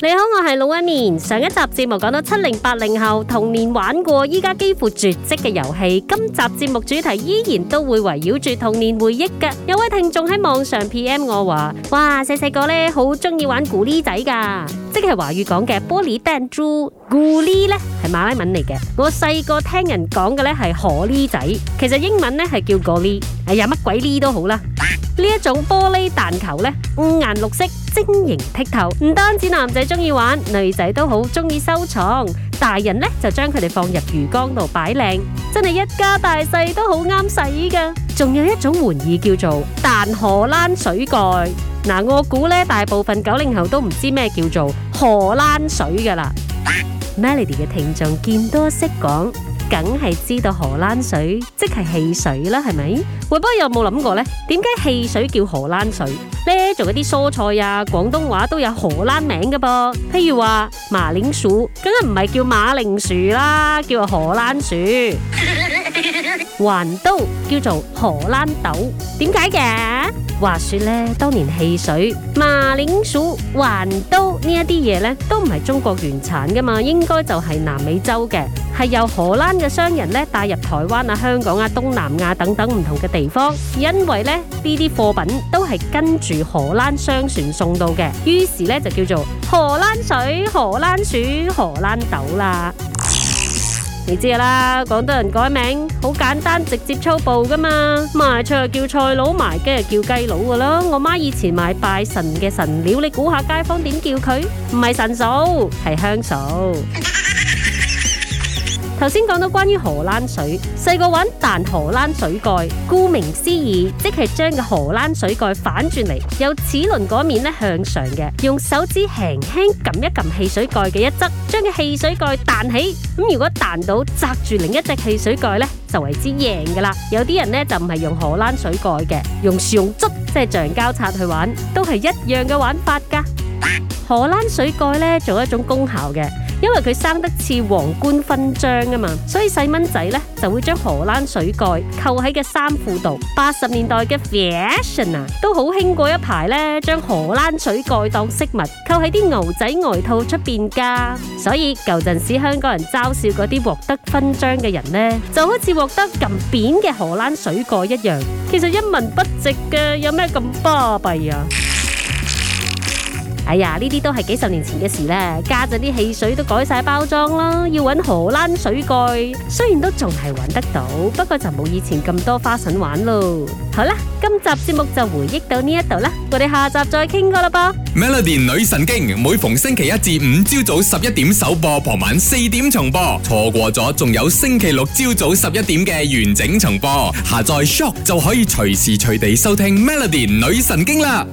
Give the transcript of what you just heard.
你好，我係老一年。上一集節目講到七零八零後童年玩過，依家幾乎絕跡嘅遊戲。今集節目主題依然都會圍繞住童年回憶嘅。有位聽眾喺網上 P M 我話：，哇，細細個咧好中意玩咕哩仔噶，即係華語講嘅玻璃彈珠。咕哩 a 呢咧係馬來文嚟嘅。我細個聽人講嘅咧係可哩仔，其實英文咧係叫 g o 哎呀，乜鬼呢都好啦。呢一種玻璃彈球呢，五顏六色，晶瑩剔透，唔單止男仔中意玩，女仔都好中意收藏。大人呢，就將佢哋放入魚缸度擺靚，真係一家大細都好啱使噶。仲有一種玩意叫做彈荷蘭水蓋。嗱，我估呢大部分九零後都唔知咩叫做荷蘭水噶啦。 Melody 嘅聽眾見多識講。梗係知道荷蘭水即係汽水啦，係咪？喂，不過有冇諗過咧？點解汽水叫荷蘭水咧？仲有啲蔬菜啊，廣東話都有荷蘭名嘅噃、啊。譬如話馬鈴薯，梗係唔係叫馬鈴薯啦，叫做荷蘭薯。豌豆 叫做荷蘭豆，點解嘅？話說呢，當年汽水、馬鈴薯、還都呢一啲嘢呢，都唔係中國原產噶嘛，應該就係南美洲嘅，係由荷蘭嘅商人呢帶入台灣啊、香港啊、東南亞等等唔同嘅地方，因為呢呢啲貨品都係跟住荷蘭商船送到嘅，於是呢，就叫做荷蘭水、荷蘭薯、荷蘭豆啦。你知㗎啦，廣東人改名好簡單，直接粗暴㗎嘛，賣菜叫菜佬，賣雞叫雞佬㗎囉。我媽以前賣拜神嘅神料，你估下街坊點叫佢？唔係神嫂，係香嫂。頭先講到關於荷蘭水，細個玩彈荷蘭水蓋，顧名思義，即係將荷蘭水蓋反轉嚟，由齒輪嗰面向上嘅，用手指輕輕撳一撳汽水蓋嘅一側，將汽水蓋彈起。如果彈到砸住另一隻汽水蓋咧，就為之贏噶啦。有啲人咧就唔係用荷蘭水蓋嘅，用樹用竹，即係橡膠擦去玩，都係一樣嘅玩法噶。荷蘭水蓋咧做一種功效嘅。因為佢生得似皇冠勳章啊嘛，所以細蚊仔咧就會將荷蘭水蓋扣喺嘅衫褲度。八十年代嘅 fashion 啊，都好興過一排咧，將荷蘭水蓋當飾物扣喺啲牛仔外套出邊噶。所以舊陣時香港人嘲笑嗰啲獲得勳章嘅人咧，就好似獲得咁扁嘅荷蘭水蓋一樣。其實一文不值嘅，有咩咁巴閉啊？哎呀，呢啲都係幾十年前嘅事啦，加咗啲汽水都改晒包裝啦，要揾荷蘭水蓋，雖然都仲係揾得到，不過就冇以前咁多花臣玩咯。好啦，今集節目就回憶到呢一度啦，我哋下集再傾過啦噃。Melody 女神經每逢星期一至五朝早十一點首播，傍晚四點重播，錯過咗仲有星期六朝早十一點嘅完整重播，下載 Shock 就可以隨時隨地收聽 Melody 女神經啦。